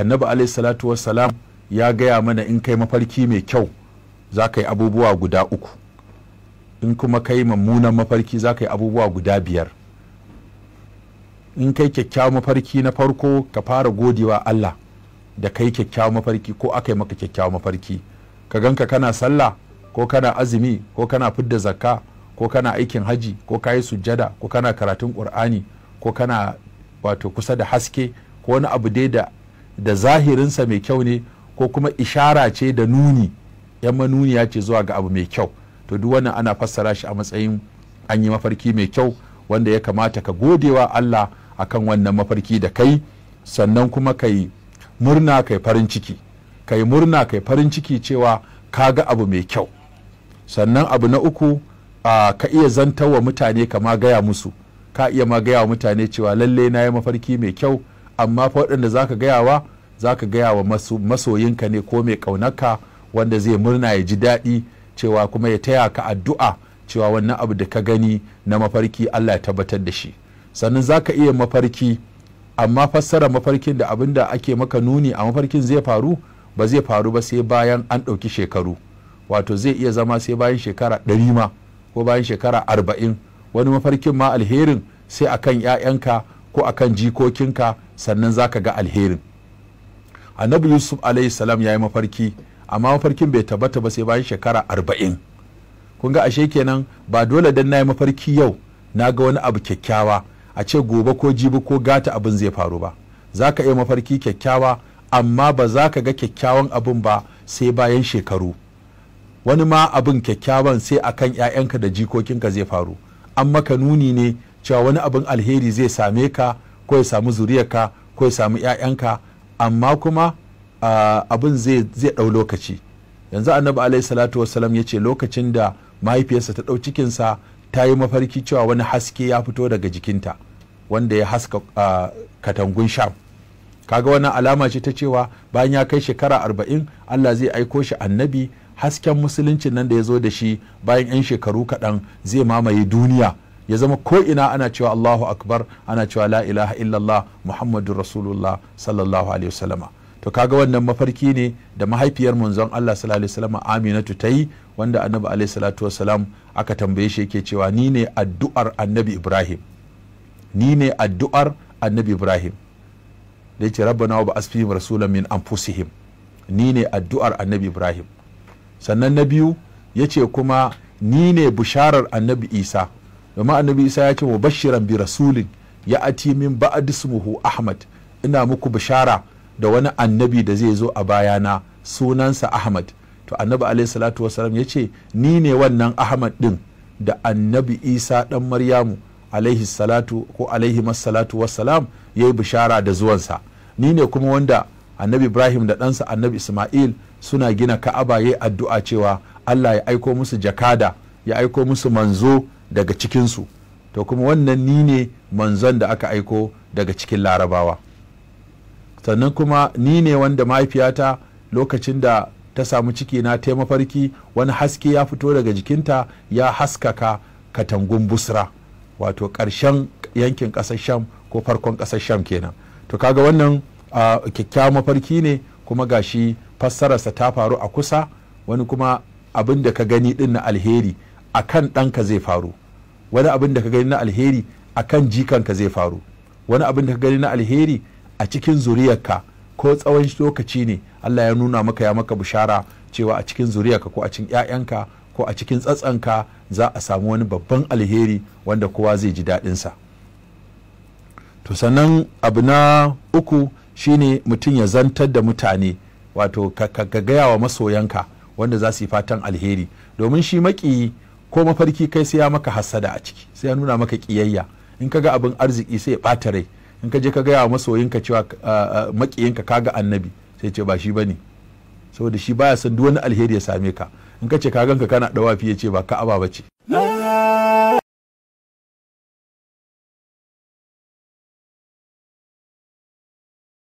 annabi alayhi salatu wassalam ya gaya mana in kai mafarki mai kyau za ka yi abubuwa guda uku in kuma kai mummunan mafarki za ka yi abubuwa guda biyar in kai kyakkyawan mafarki na farko ka fara godewa Allah da kai kyakkyawan mafarki ko aka yi maka kyakkyawan mafarki ka ganka kana sallah ko kana azumi ko kana fidda zakka ko kana aikin haji ko ka yi sujjada ko kana karatun qur'ani ko kana wato kusa da haske ko wani abu dai da da zahirinsa mai kyau ne ko kuma ishara ce da nuni yan manuniya ce zuwa ga abu mai kyau to duk wannan ana fassara shi a matsayin an yi mafarki mai kyau wanda ya kamata ka godewa Allah akan wannan mafarki da kai sannan kuma kai murna kai farin ciki kai murna kai farin ciki cewa ka ga abu mai kyau sannan abu na uku ka iya zantawa mutane ka ma gaya musu ka iya ma gaya wa mutane cewa lalle na yi mafarki mai kyau amma fa waɗanda za ka wa za ka gaya wa masoyinka ne ko mai ƙaunaka wanda zai murna ya ji daɗi cewa kuma ya taya ka addu'a cewa wannan abu da ka gani na mafarki Allah ya tabbatar da shi sannan za ka iya mafarki amma fassara mafarkin da abin da ake maka nuni a mafarkin zai faru ba zai faru ba sai bayan an ɗauki shekaru wato zai iya zama sai bayan shekara ɗari ma ko bayan shekara arba'in wani mafarkin ma alherin sai akan 'ya'yanka ko kan jikokinka sannan za ka ga alherin annabi yusuf alayhis salam ya yi mafarki amma mafarkin bai tabbata ba sai bayan shekara arba'in kun ga ashe kenan ba dole dan na yi mafarki yau na ga wani abu kyakkyawa a ce gobe ko jibi ko gata abin zai faru ba za ka iya mafarki kyakkyawa amma ba za ka ga kyakkyawan abin ba sai bayan shekaru wani ma abin kyakkyawan sai akan 'ya'yanka da jikokinka zai faru an maka nuni ne cewa wani abin alheri zai same ka ko ya samu zuriyarka ko ya samu 'ya'yanka amma kuma abin zai ɗau lokaci yanzu annabi alaihi salatu wasalam ya ce lokacin da mahaifiyarsa ta ɗau cikinsa ta yi mafarki cewa wani haske ya fito daga jikinta wanda ya haska katangun sham kaga wannan alama ce ta cewa bayan ya kai shekara arba'in allah zai aiko shi annabi hasken musuluncin nan da ya zo da shi bayan 'yan shekaru kaɗan zai mamaye duniya ya zama ko ina ana cewa Allahu akbar ana cewa la ilaha illallah Muhammadur Rasulullah sallallahu alaihi wasallama to kaga wannan mafarki ne da mahaifiyar manzon Allah sallallahu alaihi wasallama Aminatu ta yi wanda Annabi alaihi salatu wasalam aka tambaye shi yake cewa ni ne addu'ar Annabi Ibrahim ni ne addu'ar Annabi Ibrahim da yake rabbana wa ba'asfihim rasulan min anfusihim ni ne addu'ar Annabi Ibrahim sannan na biyu yace kuma ni ne bisharar Annabi Isa domin annabi isa ya ce wa bashiran bi rasulin ya ati min ba'd ismuhu ahmad ina muku bishara da wani annabi da zai zo a bayana sunansa ahmad to annabi alaihi salatu wasalam ya ce ni ne wannan ahmad din da annabi isa dan maryamu alaihi salatu ko alaihi masalatu wasalam ya yi bishara da zuwansa ni ne kuma wanda annabi ibrahim da ɗansa annabi ismail suna gina ka'aba ya addu'a cewa allah ya aiko musu jakada ya aiko musu manzo daga cikinsu to kuma wannan ni ne manzon da aka aiko daga cikin larabawa sannan kuma ni ne wanda mahaifiyata lokacin da ta samu ciki na ta mafarki wani haske ya fito daga jikinta ya haskaka katangun busra wato ƙarshen yankin ƙasar sham ko farkon ƙasar sham kenan to kaga wannan kyakkyawan mafarki ne kuma gashi fassararsa ta faru a kusa wani kuma abin da ka gani din na alheri a kan ɗanka zai faru wani abin da ka gani na alheri a kan jikanka zai faru wani abin da ka gani na alheri a cikin zuriyarka ko tsawon lokaci ne Allah ya nuna maka ya maka bishara cewa a cikin zuriyarka ko a cikin 'ya'yanka ko a cikin tsatsanka za a samu wani babban alheri wanda kowa zai ji daɗinsa to sannan abu na uku shine mutum ya zantar da mutane wato ka gaya wa masoyanka wanda za su yi fatan alheri domin shi maƙiyi ko mafarki kai sai ya maka hasada a ciki sai ya nuna maka kiyayya in ka ga abin arziki sai ya ɓata rai in ka je ka gaya wa masoyinka cewa makiyinka ka ga annabi sai ce ba shi ba ne saboda shi baya son duk wani alheri ya same ka in ka ce ka ganka kana dawafi ya ce ba ka ba ce